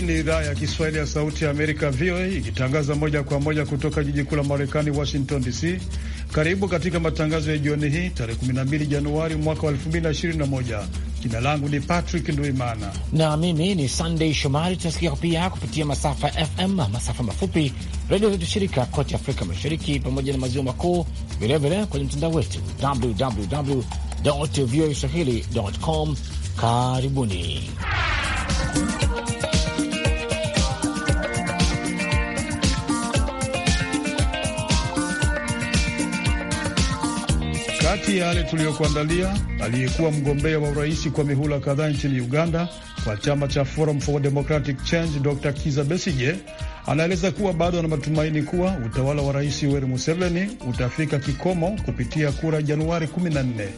Hii ni idhaa ya Kiswahili ya Sauti ya Amerika, VOA, ikitangaza moja kwa moja kutoka jiji kuu la Marekani, Washington DC. Karibu katika matangazo ya jioni hii tarehe 12 Januari mwaka wa 2021. Jina langu ni Patrick Nduimana na mimi ni Sandey Shomari. Tunasikia pia kupitia masafa ya FM, masafa mafupi, redio zetu shirika kote Afrika Mashariki pamoja na Maziwa Makuu, vilevile kwenye mtandao wetu www voa swahili com. Karibuni Kati ya yale tuliyokuandalia, aliyekuwa mgombea wa urais kwa mihula kadhaa nchini Uganda kwa chama cha Forum for Democratic Change, Dr Kiza Besije anaeleza kuwa bado ana matumaini kuwa utawala wa Rais Yoweri Museveni utafika kikomo kupitia kura Januari 14.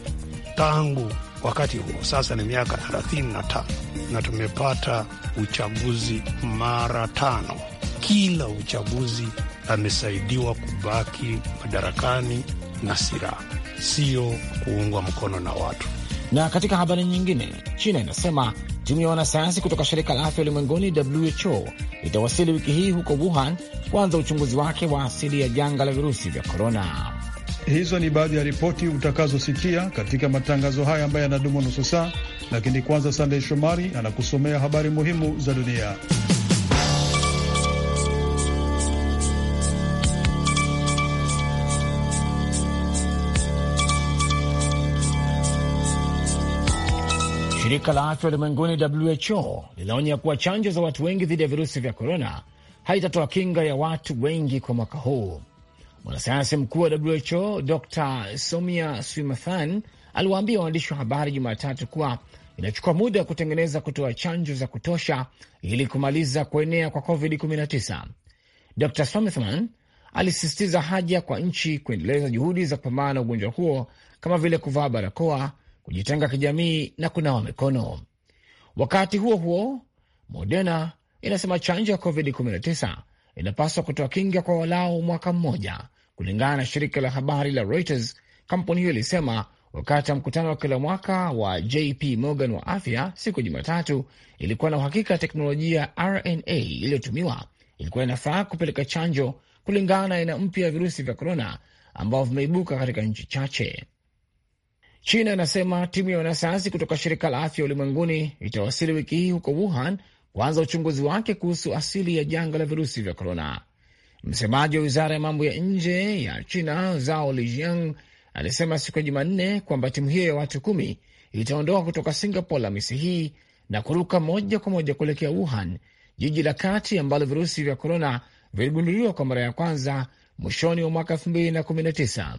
Tangu wakati huo sasa ni miaka 35 na tumepata uchaguzi mara tano. Kila uchaguzi amesaidiwa kubaki madarakani na silaha sio kuungwa mkono na watu. Na katika habari nyingine, China inasema timu ya wanasayansi kutoka shirika la afya ulimwenguni WHO itawasili wiki hii huko Wuhan kuanza uchunguzi wake wa asili ya janga la virusi vya korona. Hizo ni baadhi ya ripoti utakazosikia katika matangazo haya ambayo yanadumu nusu saa, lakini kwanza, Sandey Shomari anakusomea habari muhimu za dunia. Shirika la afya ulimwenguni WHO linaonya kuwa chanjo za watu wengi dhidi ya virusi vya korona haitatoa kinga ya watu wengi kwa mwaka huu. Mwanasayansi mkuu wa WHO Dr Somia Swimathan aliwaambia waandishi wa habari Jumatatu kuwa inachukua muda ya kutengeneza kutoa chanjo za kutosha ili kumaliza kuenea kwa COVID-19. Dr Swaminathan alisisitiza haja kwa nchi kuendeleza juhudi za kupambana na ugonjwa huo kama vile kuvaa barakoa kujitenga kijamii na kunawa mikono. Wakati huo huo, Moderna inasema chanjo ya COVID-19 inapaswa kutoa kinga kwa walau mwaka mmoja, kulingana na shirika la habari la Reuters. Kampuni hiyo ilisema wakati wa mkutano wa kila mwaka wa JP Morgan wa afya siku ya Jumatatu, ilikuwa na uhakika teknolojia RNA iliyotumiwa ilikuwa inafaa kupeleka chanjo kulingana na aina mpya ya virusi vya korona ambavyo vimeibuka katika nchi chache. China inasema timu ya wanasayansi kutoka shirika la afya ulimwenguni itawasili wiki hii huko Wuhan kuanza uchunguzi wake kuhusu asili ya janga la virusi vya korona. Msemaji wa wizara ya mambo ya nje ya China zao Lijiang alisema siku ya Jumanne kwamba timu hiyo ya watu kumi itaondoka kutoka Singapore Alhamisi hii na kuruka moja kwa moja kuelekea Wuhan, jiji la kati ambalo virusi vya korona viligunduliwa kwa mara ya kwanza mwishoni wa mwaka 2019.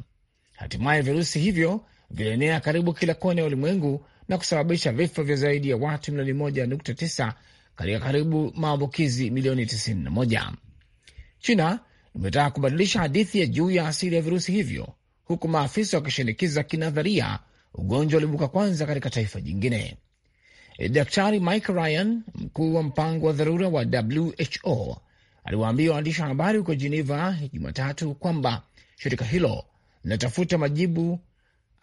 Hatimaye virusi hivyo vilienea karibu kila kona ya ulimwengu na kusababisha vifo vya zaidi ya watu milioni moja nukta tisa katika karibu maambukizi milioni tisini na moja. China imetaka kubadilisha hadithi ya juu ya asili ya virusi hivyo, huku maafisa wakishinikiza kinadharia ugonjwa ulibuka kwanza katika taifa jingine. Eh, Daktari Mike Ryan, mkuu wa mpango wa dharura wa WHO, aliwaambia waandishi wa habari huko Geneva Jumatatu kwamba shirika hilo linatafuta majibu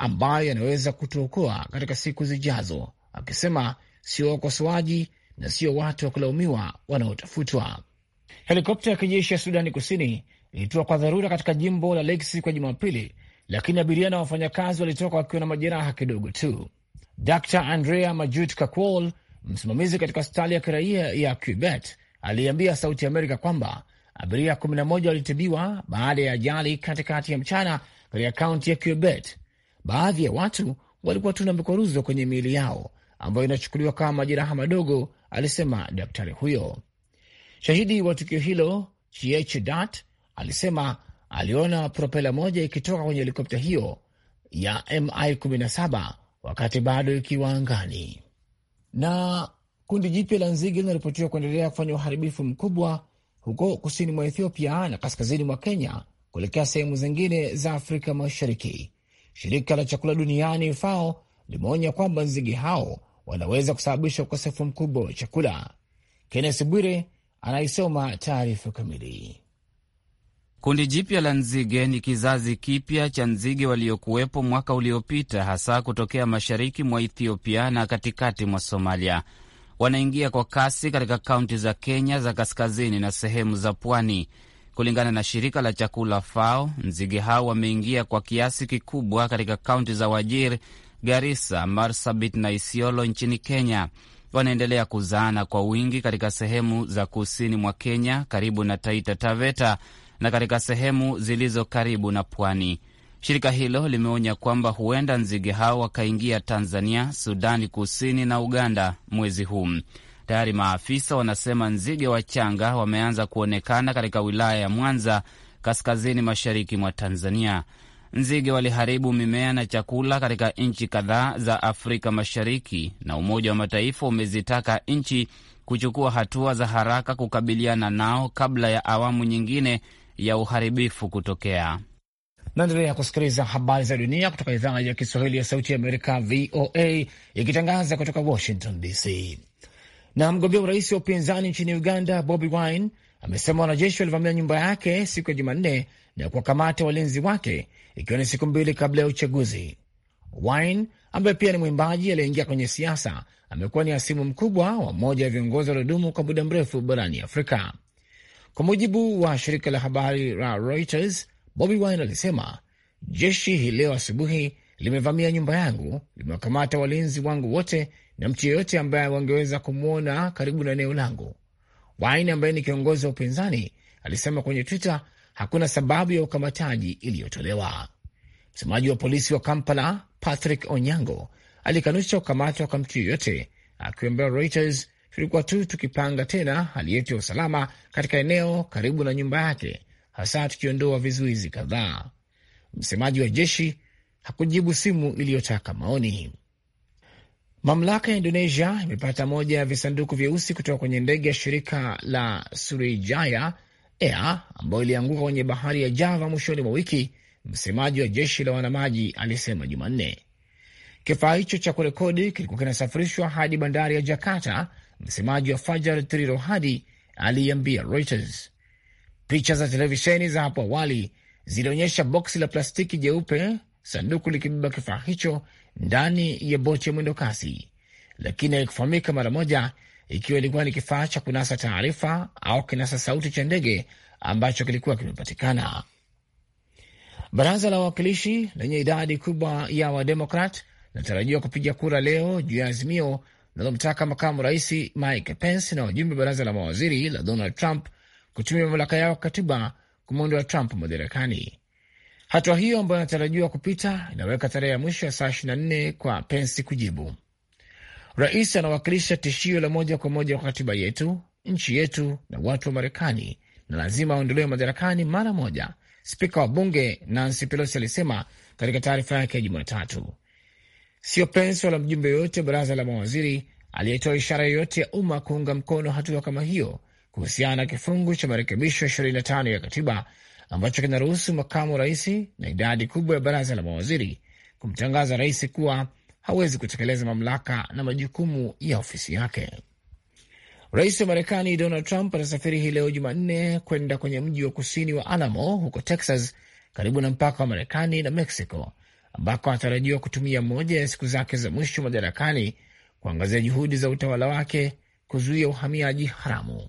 ambayo yanaweza kutuokoa katika siku zijazo, akisema sio wakosoaji na sio watu wa kulaumiwa wanaotafutwa. Helikopta ya kijeshi ya Sudani Kusini ilitua kwa dharura katika jimbo la Lake kwa Jumapili, lakini abiria na wafanyakazi walitoka wakiwa na majeraha kidogo tu. Dr Andrea Majut Kakwal, msimamizi katika hospitali ya kiraia ya Quebet, aliambia Sauti Amerika kwamba abiria 11 walitibiwa baada ya ajali katikati ya mchana katika kaunti ya Quebet Baadhi ya watu walikuwa tu na mikwaruzo kwenye miili yao ambayo inachukuliwa kama majeraha madogo, alisema daktari huyo. Shahidi wa tukio hilo Chiechi Dat alisema aliona propela moja ikitoka kwenye helikopta hiyo ya Mi-17 wakati bado ikiwa angani. Na kundi jipya la nzige linaripotiwa kuendelea kufanya uharibifu mkubwa huko kusini mwa Ethiopia na kaskazini mwa Kenya kuelekea sehemu zingine za Afrika Mashariki. Shirika la chakula duniani FAO limeonya kwamba nzige hao wanaweza kusababisha ukosefu mkubwa wa chakula. Kennes Bwire anaisoma taarifa kamili. Kundi jipya la nzige ni kizazi kipya cha nzige waliokuwepo mwaka uliopita, hasa kutokea mashariki mwa Ethiopia na katikati mwa Somalia. Wanaingia kwa kasi katika kaunti za Kenya za kaskazini na sehemu za pwani. Kulingana na shirika la chakula FAO, nzige hao wameingia kwa kiasi kikubwa katika kaunti za Wajir, garisa Marsabit na Isiolo nchini Kenya. Wanaendelea kuzaana kwa wingi katika sehemu za kusini mwa Kenya karibu na Taita Taveta na katika sehemu zilizo karibu na pwani. Shirika hilo limeonya kwamba huenda nzige hao wakaingia Tanzania, Sudani Kusini na Uganda mwezi huu. Tayari maafisa wanasema nzige wachanga wameanza kuonekana katika wilaya ya Mwanza, kaskazini mashariki mwa Tanzania. Nzige waliharibu mimea na chakula katika nchi kadhaa za Afrika Mashariki, na Umoja wa Mataifa umezitaka nchi kuchukua hatua za haraka kukabiliana nao kabla ya awamu nyingine ya uharibifu kutokea. Naendelea kusikiliza habari za dunia kutoka idhaa ya Kiswahili ya Sauti ya Amerika, VOA, ikitangaza kutoka Washington DC. Na mgombea urais wa upinzani nchini Uganda Bobi Wine amesema wanajeshi walivamia nyumba yake siku ya Jumanne na kuwakamata walinzi wake ikiwa ni siku mbili kabla ya uchaguzi. Wine ambaye pia ni mwimbaji aliyeingia kwenye siasa amekuwa ni hasimu mkubwa wa mmoja ya viongozi waliodumu kwa muda mrefu barani Afrika. Kwa mujibu wa shirika la habari la Reuters, Bobi Wine alisema jeshi hii leo asubuhi limevamia nyumba yangu, limewakamata walinzi wangu wote na mtu yeyote ambaye wangeweza kumwona karibu na eneo langu. Wine ambaye ni kiongozi wa upinzani alisema kwenye Twitter hakuna sababu ya ukamataji iliyotolewa. Msemaji wa polisi wa Kampala Patrick Onyango alikanusha ukamata kwa mtu yeyote, akiambia Reuters, tulikuwa tu tukipanga tena hali yetu ya usalama katika eneo karibu na nyumba yake, hasa tukiondoa vizuizi kadhaa. Msemaji wa jeshi hakujibu simu iliyotaka maoni. Mamlaka ya Indonesia imepata moja ya visanduku vyeusi kutoka kwenye ndege ya shirika la Surijaya Air ambayo ilianguka kwenye bahari ya Java mwishoni mwa wiki. Msemaji wa jeshi la wanamaji alisema Jumanne kifaa hicho cha kurekodi kilikuwa kinasafirishwa hadi bandari ya Jakarta. Msemaji wa Fajar Trirohadi aliyeambia Reuters picha za televisheni za hapo awali zilionyesha boksi la plastiki jeupe, sanduku likibeba kifaa hicho ndani ya boti ya mwendo kasi, lakini haikufahamika mara moja ikiwa ilikuwa ni kifaa cha kunasa taarifa au kinasa sauti cha ndege ambacho kilikuwa kimepatikana. Baraza la Wawakilishi lenye idadi kubwa ya Wademokrat linatarajiwa kupiga kura leo juu ya azimio linalomtaka makamu rais Mike Pence na wajumbe baraza la mawaziri la Donald Trump kutumia mamlaka yao katiba kumwondoa Trump madarakani. Hatua hiyo ambayo inatarajiwa kupita inaweka tarehe ya mwisho ya saa 24 kwa Pensi kujibu. Rais anawakilisha tishio la moja kwa moja kwa katiba yetu, nchi yetu na watu wa Marekani, na lazima aondolewe madarakani mara moja, spika wa bunge Nancy Pelosi alisema katika taarifa yake ya Jumatatu. Sio Pensi wala mjumbe yoyote wa baraza la mawaziri aliyetoa ishara yoyote ya umma kuunga mkono hatua kama hiyo kuhusiana na kifungu cha marekebisho 25 ya katiba ambacho kinaruhusu makamu rais na idadi kubwa ya baraza la mawaziri kumtangaza rais kuwa hawezi kutekeleza mamlaka na majukumu ya ofisi yake. Rais wa Marekani Donald Trump atasafiri hii leo Jumanne kwenda kwenye mji wa kusini wa Alamo huko Texas, karibu na mpaka wa Marekani na Mexico, ambako anatarajiwa kutumia moja ya siku zake za mwisho madarakani kuangazia juhudi za utawala wake kuzuia uhamiaji haramu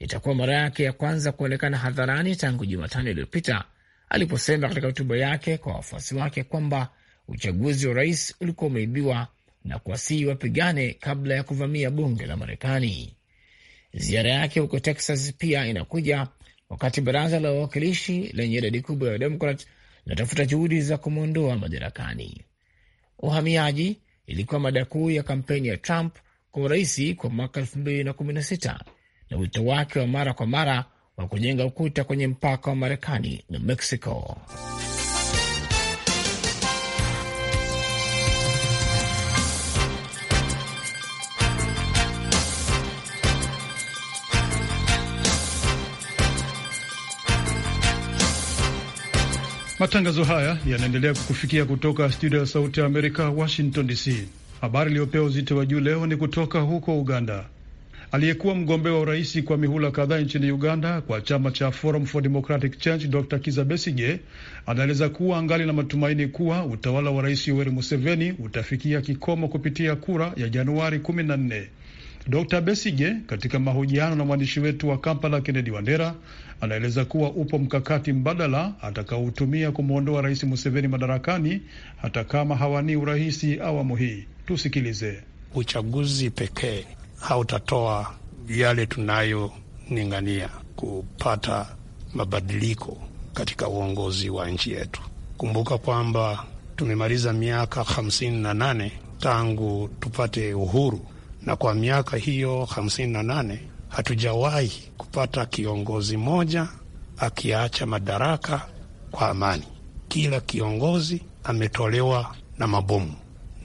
itakuwa mara yake ya kwanza kuonekana hadharani tangu Jumatano iliyopita aliposema katika hotuba yake kwa wafuasi wake kwamba uchaguzi wa rais ulikuwa umeibiwa na kuwasihi wapigane kabla ya kuvamia bunge la Marekani. Ziara yake huko Texas pia inakuja wakati baraza la wawakilishi lenye idadi kubwa ya Wademokrat linatafuta juhudi za kumwondoa madarakani. Uhamiaji ilikuwa mada kuu ya kampeni ya Trump kwa uraisi kwa mwaka 2016 na wito wake wa mara kwa mara wa kujenga ukuta kwenye mpaka wa Marekani na Mexico. Matangazo haya yanaendelea kukufikia kutoka studio ya Sauti ya Amerika, Washington DC. Habari iliyopewa uzito wa juu leo ni kutoka huko Uganda. Aliyekuwa mgombea wa urais kwa mihula kadhaa nchini Uganda kwa chama cha Forum for Democratic Change, Dr Kiza Besige anaeleza kuwa angali na matumaini kuwa utawala wa Rais Yoweri Museveni utafikia kikomo kupitia kura ya Januari kumi na nne. Dr Besige katika mahojiano na mwandishi wetu wa Kampala Kennedy Wandera anaeleza kuwa upo mkakati mbadala atakaohutumia kumwondoa Rais Museveni madarakani hata kama hawanii urahisi awamu hii. Tusikilize. Uchaguzi pekee hautatoa yale tunayoning'ania kupata mabadiliko katika uongozi wa nchi yetu. Kumbuka kwamba tumemaliza miaka hamsini na nane tangu tupate uhuru, na kwa miaka hiyo hamsini na nane hatujawahi kupata kiongozi mmoja akiacha madaraka kwa amani. Kila kiongozi ametolewa na mabomu,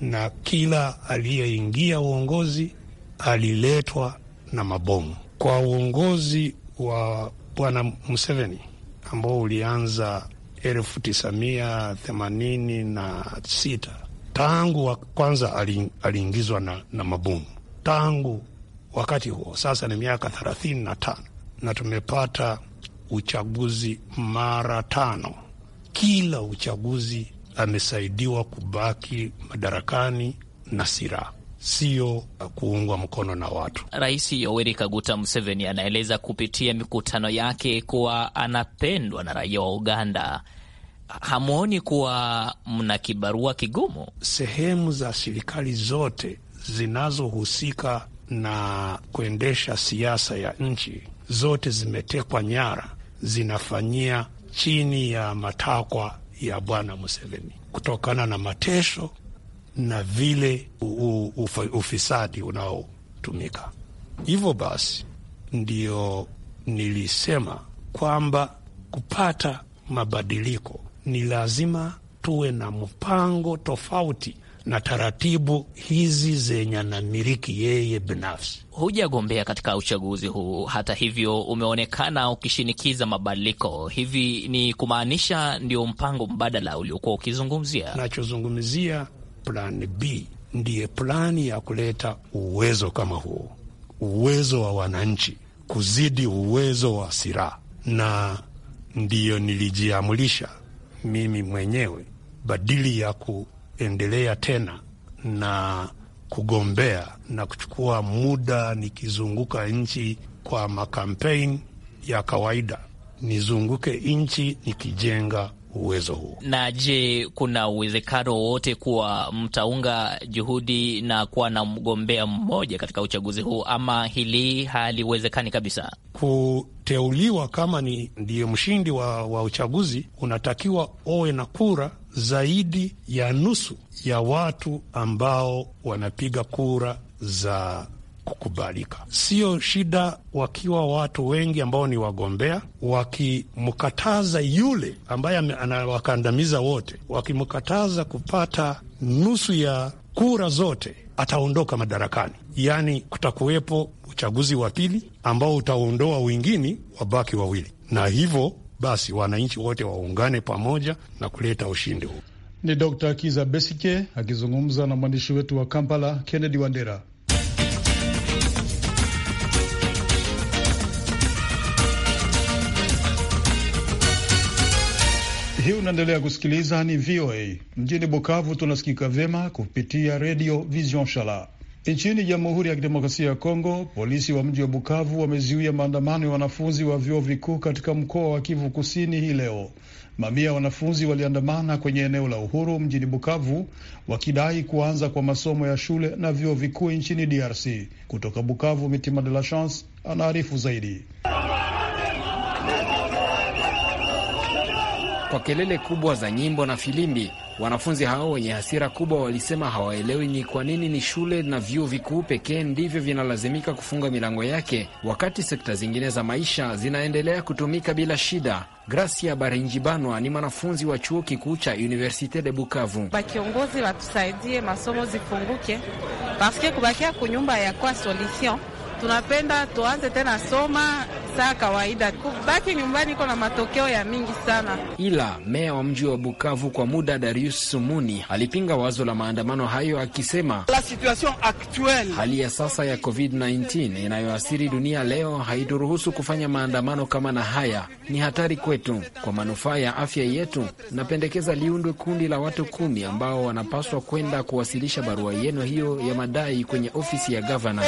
na kila aliyeingia uongozi aliletwa na mabomu kwa uongozi wa Bwana Museveni ambao ulianza elfu tisa mia themanini na sita. Tangu wa kwanza aliingizwa na, na mabomu. Tangu wakati huo sasa ni miaka thelathini na tano na tumepata uchaguzi mara tano. Kila uchaguzi amesaidiwa kubaki madarakani na silaha sio uh, kuungwa mkono na watu. Rais Yoweri Kaguta Museveni anaeleza kupitia mikutano yake kuwa anapendwa na raia wa Uganda. Hamwoni kuwa mna kibarua kigumu? Sehemu za serikali zote zinazohusika na kuendesha siasa ya nchi zote zimetekwa nyara, zinafanyia chini ya matakwa ya Bwana Museveni kutokana na mateso na vile ufisadi unaotumika. Hivyo basi ndiyo nilisema kwamba kupata mabadiliko ni lazima tuwe na mpango tofauti na taratibu hizi zenye anamiliki yeye binafsi. Hujagombea katika uchaguzi huu, hata hivyo umeonekana ukishinikiza mabadiliko. Hivi ni kumaanisha ndio mpango mbadala uliokuwa ukizungumzia? Nachozungumzia plan B ndiye plani ya kuleta uwezo kama huo, uwezo wa wananchi kuzidi uwezo wa silaha, na ndiyo nilijiamulisha mimi mwenyewe badili ya kuendelea tena na kugombea na kuchukua muda nikizunguka nchi kwa makampeni ya kawaida, nizunguke nchi nikijenga uwezo huu. Na je, kuna uwezekano wowote kuwa mtaunga juhudi na kuwa na mgombea mmoja katika uchaguzi huu, ama hili haliwezekani kabisa? Kuteuliwa kama ni ndiye mshindi wa, wa uchaguzi, unatakiwa owe na kura zaidi ya nusu ya watu ambao wanapiga kura za kukubalika. Sio shida wakiwa watu wengi ambao ni wagombea, wakimkataza yule ambaye anawakandamiza wote, wakimkataza kupata nusu ya kura zote, ataondoka madarakani. Yaani kutakuwepo uchaguzi wa pili ambao utaondoa wengine, wabaki wawili, na hivyo basi wananchi wote waungane pamoja na kuleta ushindi huu. Ni Dr. Kiza Besike akizungumza na mwandishi wetu wa Kampala Kennedy Wandera. Hii unaendelea kusikiliza ni VOA mjini Bukavu, tunasikika vyema kupitia redio Vision Shala. Nchini Jamhuri ya Kidemokrasia ya Kongo, polisi wa mji wa Bukavu wamezuia maandamano ya wanafunzi wa vyuo vikuu katika mkoa wa Kivu Kusini hii leo. Mamia ya wanafunzi waliandamana kwenye eneo la Uhuru mjini Bukavu wakidai kuanza kwa masomo ya shule na vyuo vikuu nchini DRC. Kutoka Bukavu, Mitima de la Chance anaarifu zaidi. kwa kelele kubwa za nyimbo na filimbi. Wanafunzi hao wenye hasira kubwa walisema hawaelewi ni kwa nini ni shule na vyuo vikuu pekee ndivyo vinalazimika kufunga milango yake wakati sekta zingine za maisha zinaendelea kutumika bila shida. Gracia Barinjibanwa ni mwanafunzi wa chuo kikuu cha Universite de Bukavu. Bakiongozi watusaidie masomo zifunguke, paske kubakia kunyumba yakwa solution. Tunapenda tuanze tena soma saa kawaida. Kubaki nyumbani iko na matokeo ya mingi sana. Ila meya wa mji wa Bukavu kwa muda Darius Sumuni alipinga wazo la maandamano hayo akisema, la situation actuelle, hali ya sasa ya COVID-19 inayoathiri dunia leo haituruhusu kufanya maandamano kama na haya, ni hatari kwetu. Kwa manufaa ya afya yetu, napendekeza liundwe kundi la watu kumi ambao wanapaswa kwenda kuwasilisha barua yenu hiyo ya madai kwenye ofisi ya gavana.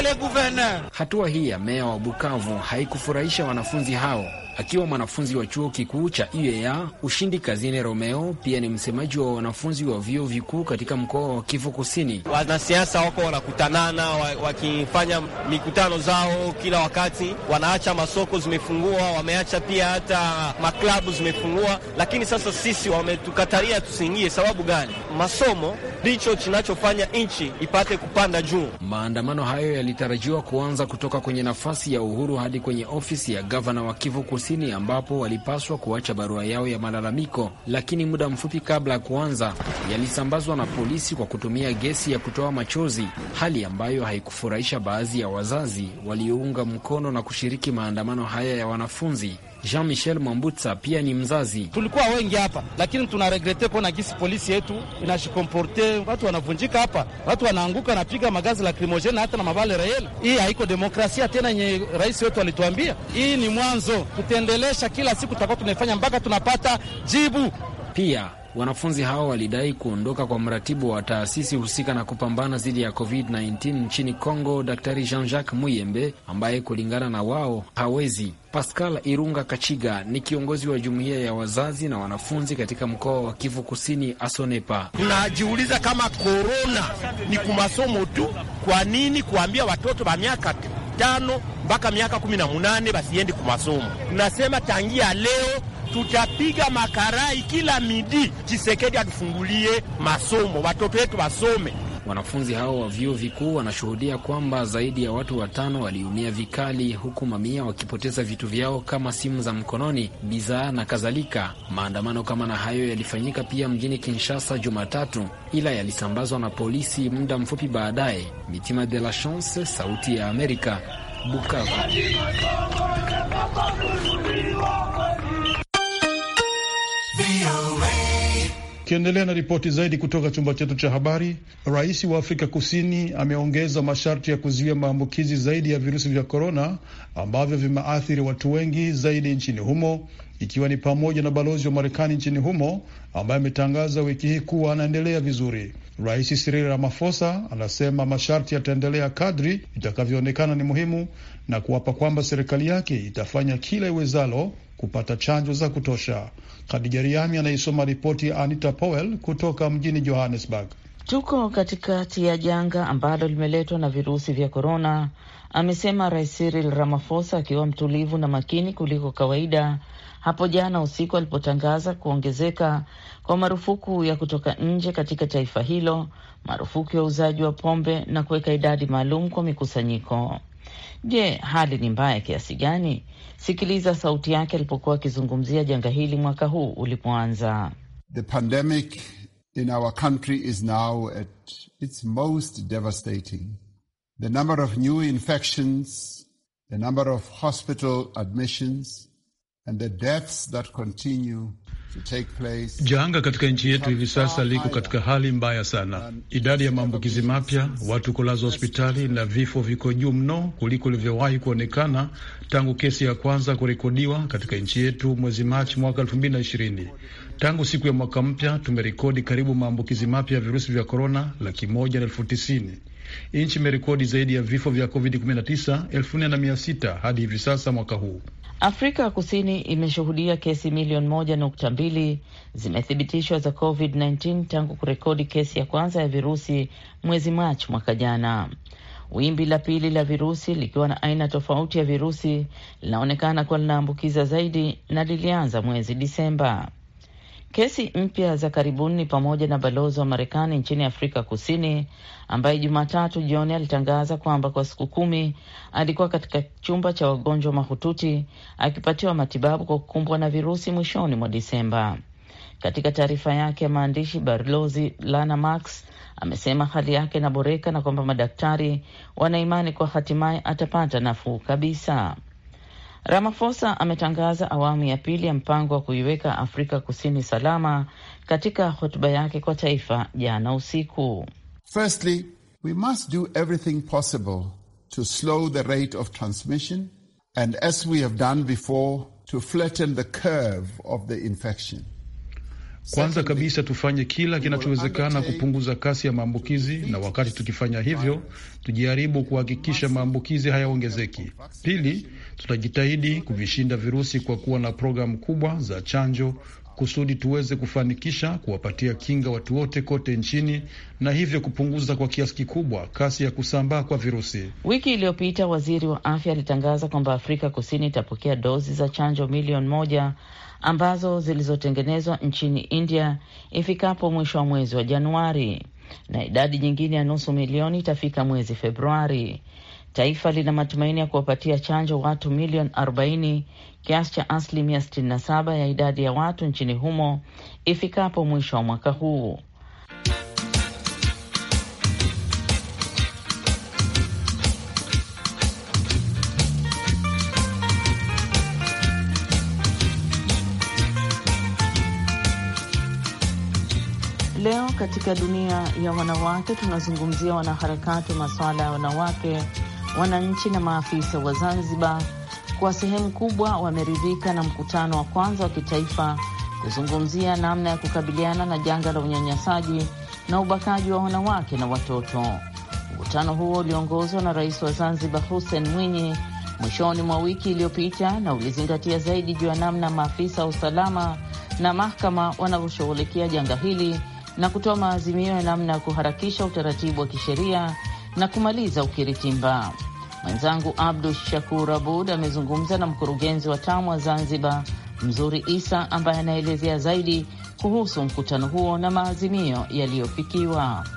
Hatua hii ya meya wa Bukavu haikufurahisha kuwafundisha wanafunzi hao. Akiwa mwanafunzi wa chuo kikuu cha UEA, Ushindi Kazini Romeo pia ni msemaji wa wanafunzi wa vyuo vikuu katika mkoa wa Kivu Kusini. Wanasiasa wako wanakutanana wakifanya mikutano zao kila wakati, wanaacha masoko zimefungua, wameacha pia hata maklabu zimefungua, lakini sasa sisi wametukatalia tusiingie. Sababu gani? Masomo ndicho kinachofanya nchi ipate kupanda juu. Maandamano hayo yalitarajiwa kuanza kutoka kwenye nafasi ya Uhuru hadi kwenye ofisi ya gavana wa Kivu Kusini tisini ambapo walipaswa kuacha barua yao ya malalamiko, lakini muda mfupi kabla ya kuanza yalisambazwa na polisi kwa kutumia gesi ya kutoa machozi, hali ambayo haikufurahisha baadhi ya wazazi waliounga mkono na kushiriki maandamano haya ya wanafunzi. Jean-Michel Mambutsa pia ni mzazi. Tulikuwa wengi hapa, lakini tunaregrete kuona gisi polisi yetu inashikomporte, watu wanavunjika hapa, watu wanaanguka, napiga magazi lakrimogene hata na mavale reyele. Hii haiko demokrasia tena yenye rais wetu alituambia. Hii ni mwanzo, tutaendelesha kila siku tutakuwa tunaifanya mpaka tunapata jibu. Pia Wanafunzi hao walidai kuondoka kwa mratibu wa taasisi husika na kupambana dhidi ya COVID-19 nchini congo Daktari Jean-Jacques Muyembe, ambaye kulingana na wao hawezi. Pascal Irunga Kachiga ni kiongozi wa jumuiya ya wazazi na wanafunzi katika mkoa wa Kivu Kusini, Asonepa. Tunajiuliza kama korona ni kumasomo tu, kwa nini kuambia watoto wa miaka tano mpaka miaka kumi na munane basiendi kumasomo? Tunasema tangia leo tutapiga makarai kila midi, Chisekedi atufungulie masomo, watoto wetu wasome. Wanafunzi hao wa vyuo vikuu wanashuhudia kwamba zaidi ya watu watano waliumia vikali, huku mamia wakipoteza vitu vyao kama simu za mkononi, bidhaa na kadhalika. Maandamano kama na hayo yalifanyika pia mjini Kinshasa Jumatatu, ila yalisambazwa na polisi muda mfupi baadaye. Mitima de la Chance, Sauti ya Amerika, Bukavu. Tukiendelea na ripoti zaidi kutoka chumba chetu cha habari, rais wa Afrika Kusini ameongeza masharti ya kuzuia maambukizi zaidi ya virusi vya korona ambavyo vimeathiri watu wengi zaidi nchini humo, ikiwa ni pamoja na balozi wa Marekani nchini humo ambaye ametangaza wiki hii kuwa anaendelea vizuri. Rais Cyril Ramaphosa anasema masharti yataendelea kadri itakavyoonekana ni muhimu na kuapa kwamba serikali yake itafanya kila iwezalo kupata chanjo za kutosha. Khadija Riami anaisoma ripoti ya Anita Powell kutoka mjini Johannesburg. Tuko katikati ya janga ambalo limeletwa na virusi vya korona, amesema Rais Cyril Ramaphosa akiwa mtulivu na makini kuliko kawaida hapo jana usiku alipotangaza kuongezeka kwa marufuku ya kutoka nje katika taifa hilo, marufuku ya uuzaji wa pombe na kuweka idadi maalum kwa mikusanyiko. Je, hali ni mbaya kiasi gani? Sikiliza sauti yake alipokuwa akizungumzia janga hili mwaka huu ulipoanza. The pandemic in our country is now at its most devastating. The number of new infections, the number of hospital admissions and the deaths that continue Janga katika nchi yetu hivi sasa liko katika hali mbaya sana. Idadi ya maambukizi mapya, watu kulazwa hospitali na vifo viko juu mno kuliko ilivyowahi kuonekana tangu kesi ya kwanza kurekodiwa katika nchi yetu mwezi Machi mwaka 2020. Tangu siku ya mwaka mpya tumerekodi karibu maambukizi mapya ya virusi vya korona laki moja na elfu tisini. Nchi imerekodi zaidi ya vifo vya COVID-19 elfu nne na mia sita hadi hivi sasa mwaka huu. Afrika ya Kusini imeshuhudia kesi milioni moja nukta mbili zimethibitishwa za COVID-19 tangu kurekodi kesi ya kwanza ya virusi mwezi Machi mwaka jana. Wimbi la pili la virusi likiwa na aina tofauti ya virusi linaonekana kuwa linaambukiza zaidi na lilianza mwezi Disemba. Kesi mpya za karibuni ni pamoja na balozi wa Marekani nchini Afrika Kusini ambaye Jumatatu jioni alitangaza kwamba kwa siku kumi alikuwa katika chumba cha wagonjwa mahututi akipatiwa matibabu kwa kukumbwa na virusi mwishoni mwa Disemba. Katika taarifa yake ya maandishi, balozi Lana max amesema hali yake inaboreka na kwamba madaktari wanaimani kwa hatimaye atapata nafuu kabisa. Ramaphosa ametangaza awamu ya pili ya mpango wa kuiweka Afrika Kusini salama katika hotuba yake kwa taifa jana usiku. Firstly, we must do everything possible to slow the rate of transmission and as we have done before to flatten the curve of the infection. Kwanza kabisa tufanye kila kinachowezekana kupunguza kasi ya maambukizi, na wakati tukifanya hivyo, tujaribu kuhakikisha maambukizi hayaongezeki. Pili, tutajitahidi kuvishinda virusi kwa kuwa na programu kubwa za chanjo kusudi tuweze kufanikisha kuwapatia kinga watu wote kote nchini na hivyo kupunguza kwa kiasi kikubwa kasi ya kusambaa kwa virusi. Wiki iliyopita waziri wa afya alitangaza kwamba Afrika Kusini itapokea dozi za chanjo milioni moja ambazo zilizotengenezwa nchini India ifikapo mwisho wa mwezi wa Januari, na idadi nyingine ya nusu milioni itafika mwezi Februari. Taifa lina matumaini ya kuwapatia chanjo watu milioni 40 kiasi cha asilimia 67 ya idadi ya watu nchini humo ifikapo mwisho wa mwaka huu. katika dunia ya wanawake tunazungumzia wanaharakati wa masuala ya wanawake, wananchi na maafisa wa Zanzibar kwa sehemu kubwa wameridhika na mkutano wa kwanza wa kitaifa kuzungumzia namna ya kukabiliana na janga la unyanyasaji na ubakaji wa wanawake na watoto. Mkutano huo uliongozwa na Rais wa Zanzibar Hussein Mwinyi mwishoni mwa wiki iliyopita na ulizingatia zaidi juu ya namna maafisa wa usalama na mahakama wanavyoshughulikia janga hili na kutoa maazimio ya namna ya kuharakisha utaratibu wa kisheria na kumaliza ukiritimba. Mwenzangu Abdu Shakur Abud amezungumza na mkurugenzi wa TAMWA Zanzibar, Mzuri Isa, ambaye anaelezea zaidi kuhusu mkutano huo na maazimio yaliyofikiwa.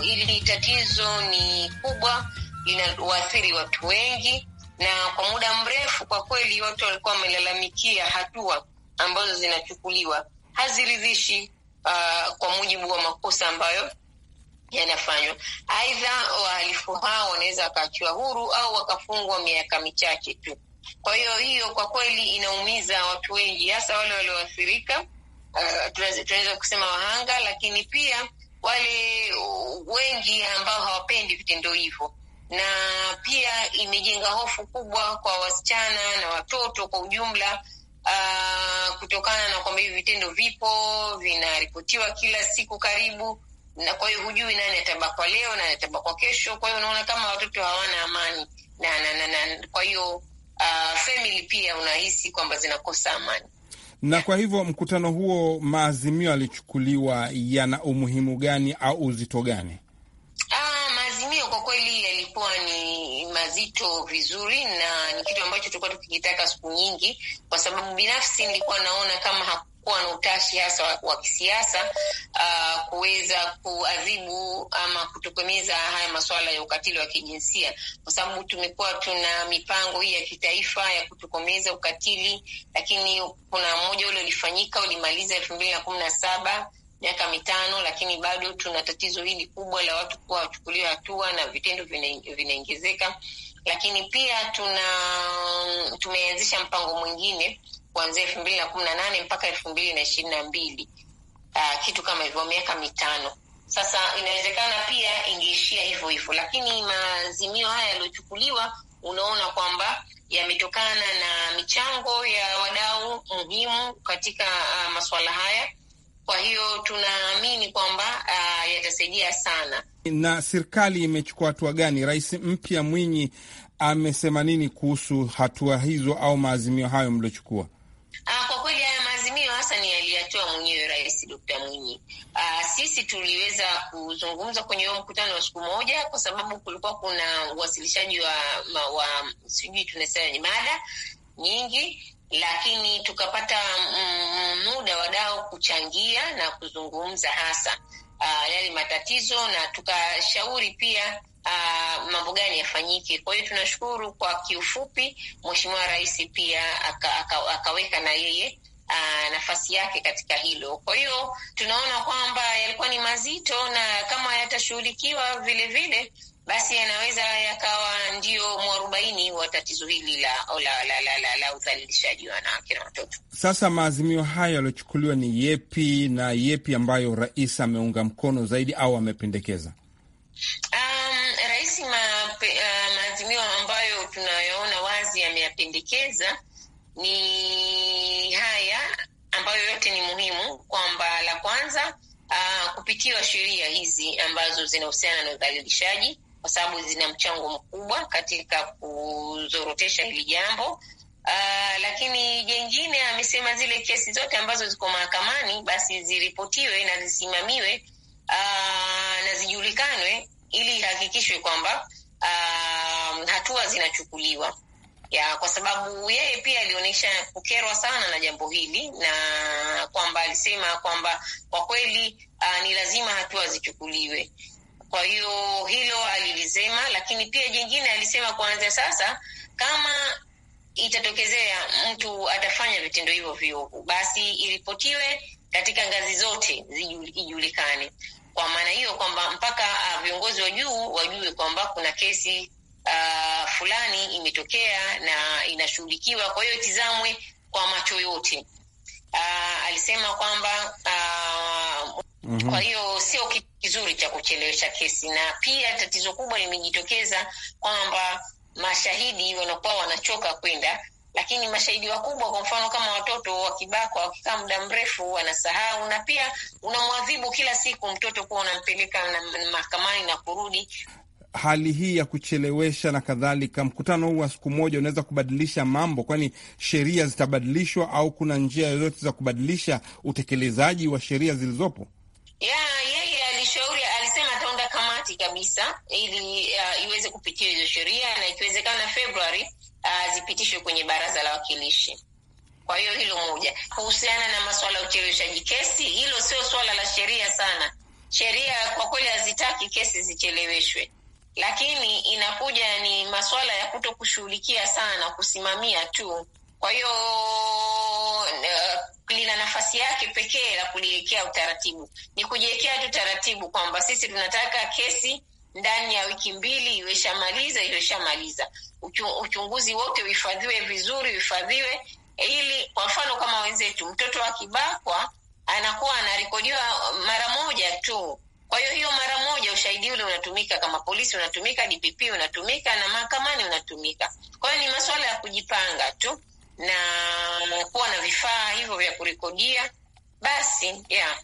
Hili tatizo ni kubwa, linawaathiri watu wengi, na kwa muda mrefu kwa kweli watu walikuwa wamelalamikia hatua ambazo zinachukuliwa haziridhishi uh, kwa mujibu wa makosa ambayo yanafanywa. Aidha, wahalifu hao wanaweza wakaachiwa huru au wakafungwa miaka michache tu. Kwa hiyo hiyo kwa kweli inaumiza watu wengi, hasa wale walioathirika, uh, tunaweza kusema wahanga, lakini pia wale wengi ambao hawapendi vitendo hivyo, na pia imejenga hofu kubwa kwa wasichana na watoto kwa ujumla Ah, kutokana na kwamba hivi vitendo vipo vinaripotiwa kila siku karibu, na kwa hiyo hujui nani atabakwa leo, nani atabakwa kesho. Kwa hiyo unaona kama watoto hawana amani na, na, na, na kwa hiyo uh, family pia unahisi kwamba zinakosa amani na kwa hivyo mkutano huo, maazimio yalichukuliwa yana umuhimu gani au uzito gani? maazimio kwa kweli yalikuwa ni mazito vizuri, na ni kitu ambacho tulikuwa tukikitaka siku nyingi, kwa sababu binafsi nilikuwa naona kama hakukuwa na utashi hasa wa kisiasa uh, kuweza kuadhibu ama kutokomeza haya masuala ya ukatili wa kijinsia, kwa sababu tumekuwa tuna mipango hii ya kitaifa ya kutokomeza ukatili, lakini kuna mmoja ule ulifanyika ulimaliza elfu mbili na kumi na saba miaka mitano, lakini bado tuna tatizo hili kubwa la watu kuwa wachukuliwa hatua na vitendo vinaongezeka. Lakini pia tuna tumeanzisha mpango mwingine kuanzia elfu mbili na kumi na nane mpaka elfu mbili na ishirini na mbili uh, kitu kama hivyo, miaka mitano sasa. Inawezekana pia ingeishia hivyo hivyo, lakini maazimio haya yaliyochukuliwa, unaona kwamba yametokana na michango ya wadau muhimu katika uh, masuala haya kwa hiyo tunaamini kwamba uh, yatasaidia sana. Na serikali imechukua hatua gani? Rais mpya Mwinyi amesema nini kuhusu hatua hizo au maazimio hayo mliochukua? Uh, kwa kweli haya maazimio hasa ni aliyatoa mwenyewe Rais Dokta Mwinyi. Uh, sisi tuliweza kuzungumza kwenye huo mkutano wa siku moja, kwa sababu kulikuwa kuna uwasilishaji wa, wa sijui ni mada nyingi lakini tukapata mm, muda wadau kuchangia na kuzungumza hasa uh, yale matatizo na tukashauri pia Uh, mambo gani yafanyike. Kwa hiyo tunashukuru kwa kiufupi, Mheshimiwa Rais pia aka, aka, akaweka na yeye uh, nafasi yake katika hilo. Kwa hiyo tunaona kwamba yalikuwa ni mazito na kama yatashughulikiwa vilevile basi yanaweza yakawa ndio mwarobaini wa tatizo hili la, la, la, la, la, la udhalilishaji wa wanawake na watoto. Sasa maazimio hayo yaliyochukuliwa ni yepi na yepi ambayo rais ameunga mkono zaidi au amependekeza? Um, rais uh, maazimio uh, ambayo tunayoona wazi ameyapendekeza ni haya ambayo yote ni muhimu, kwamba la kwanza uh, kupitiwa sheria hizi ambazo zinahusiana na udhalilishaji kwa sababu zina mchango mkubwa katika kuzorotesha hili jambo. Uh, lakini jengine amesema zile kesi zote ambazo ziko mahakamani basi ziripotiwe na zisimamiwe, uh, na zijulikanwe ili ihakikishwe kwamba uh, hatua zinachukuliwa ya, kwa sababu yeye pia alionyesha kukerwa sana na jambo hili na kwamba alisema kwamba kwa kweli uh, ni lazima hatua zichukuliwe kwa hiyo hilo alilisema, lakini pia jingine alisema kuanzia sasa kama itatokezea mtu atafanya vitendo hivyo viovu, basi iripotiwe katika ngazi zote ijulikane. Kwa maana hiyo kwamba mpaka ah, viongozi wa juu wajue kwamba kuna kesi uh, fulani imetokea na inashughulikiwa, kwa hiyo itizamwe kwa macho yote uh, alisema kwamba uh, mm -hmm. Kwa hiyo sio kitu kizuri cha kuchelewesha kesi, na pia tatizo kubwa limejitokeza kwamba mashahidi wanakuwa wanachoka kwenda lakini mashahidi wakubwa, kwa mfano kama watoto wakibakwa, wakikaa muda mrefu wanasahau, na pia unamwadhibu kila siku mtoto kuwa unampeleka mahakamani na kurudi hali hii ya kuchelewesha na kadhalika, mkutano huu wa siku moja unaweza kubadilisha mambo? Kwani sheria zitabadilishwa au kuna njia yoyote za kubadilisha utekelezaji wa sheria zilizopo? Yeah, yeye yeah, alishauri alisema ataunda kamati kabisa ili uh, iweze kupitia hizo sheria na ikiwezekana Februari uh, zipitishwe kwenye baraza la wakilishi. Kwa hiyo hilo moja. Kuhusiana na maswala ya ucheleweshaji kesi, hilo sio swala la sheria sana. Sheria kwa kweli hazitaki kesi zicheleweshwe lakini inakuja ni masuala ya kuto kushughulikia sana, kusimamia tu. Kwa hiyo uh, lina nafasi yake pekee la kuliwekea utaratibu, ni kujiwekea tu taratibu kwamba sisi tunataka kesi ndani ya wiki mbili iweshamaliza iweshamaliza, uchunguzi wote uhifadhiwe vizuri, uhifadhiwe ili kwa mfano kama wenzetu, mtoto akibakwa anakuwa anarekodiwa mara moja tu kwa hiyo hiyo mara moja ushahidi ule unatumika, kama polisi unatumika, DPP unatumika na mahakamani unatumika. Kwa hiyo ni masuala ya kujipanga tu na kuwa na vifaa hivyo vya kurekodia basi, yeah.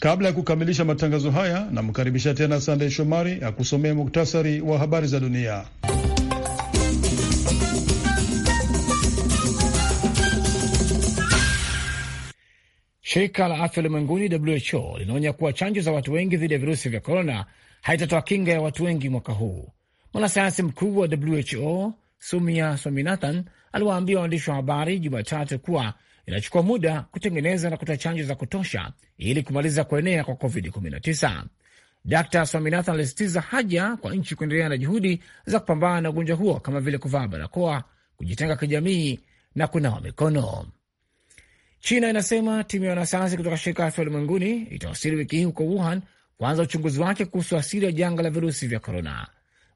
Kabla ya kukamilisha matangazo haya, namkaribisha tena Sandey Shomari akusomea muktasari wa habari za dunia. Shirika la afya ulimwenguni WHO linaonya kuwa chanjo za watu wengi dhidi ya virusi vya korona haitatoa kinga ya watu wengi mwaka huu. Mwanasayansi mkuu wa WHO Sumia Swaminathan aliwaambia waandishi wa habari Jumatatu kuwa inachukua muda kutengeneza na kutoa chanjo za kutosha ili kumaliza kuenea kwa COVID-19. Dr Swaminathan alisisitiza haja kwa nchi kuendelea na juhudi za kupambana na ugonjwa huo kama vile kuvaa barakoa, kujitenga kijamii na kunawa mikono. China inasema timu ya wanasayansi kutoka shirika la afya ulimwenguni itawasili wiki hii huko Wuhan kuanza uchunguzi wake kuhusu asili ya janga la virusi vya korona.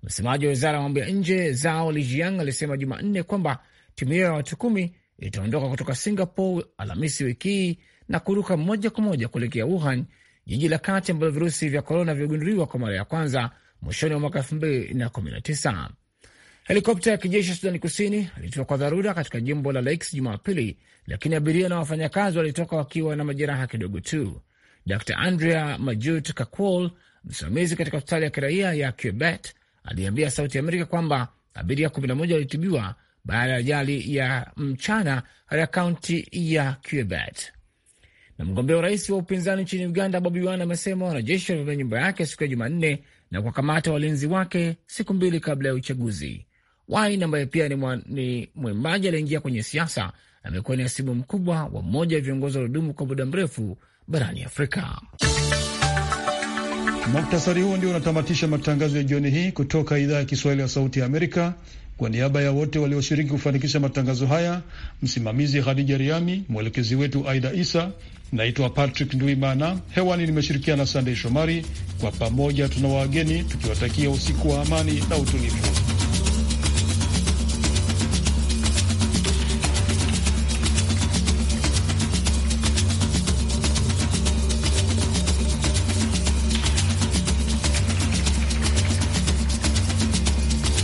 Msemaji wa wizara ya mambo ya nje Zao Lijiang alisema Jumanne kwamba timu hiyo ya watu kumi itaondoka kutoka Singapore Alhamisi wiki hii na kuruka moja kwa moja kuelekea Wuhan, jiji la kati ambalo virusi vya korona vimegunduliwa kwa mara ya kwanza mwishoni wa mwaka elfu mbili na kumi na tisa. Helikopta ya kijeshi ya Sudani Kusini ilitoka kwa dharura katika jimbo la Lakes Jumapili, lakini abiria na wafanyakazi walitoka wakiwa na majeraha kidogo tu. Dr Andrea Majut Kakwol, msimamizi katika hospitali ya kiraia ya Quebet, aliambia Sauti ya Amerika kwamba abiria 11 walitibiwa baada ya ajali ya mchana katika kaunti ya Quebet. Na mgombea urais wa upinzani nchini Uganda, Bobi Wine amesema wanajeshi walivamia nyumba yake siku ya Jumanne na kuwakamata walinzi wake siku mbili kabla ya uchaguzi. Wine ambaye pia ni mwimbaji aliyeingia kwenye siasa amekuwa ni hasimu mkubwa wa mmoja wa viongozi waliodumu kwa muda mrefu barani Afrika. Muktasari huo ndio unatamatisha matangazo ya jioni hii kutoka idhaa ya Kiswahili ya Sauti ya Amerika. Kwa niaba ya wote walioshiriki kufanikisha matangazo haya, msimamizi Khadija Riami, mwelekezi wetu Aida Isa. Naitwa Patrick Nduimana. hewani nimeshirikiana na Sandey Shomari. Kwa pamoja tuna wageni tukiwatakia usiku wa amani na utulivu.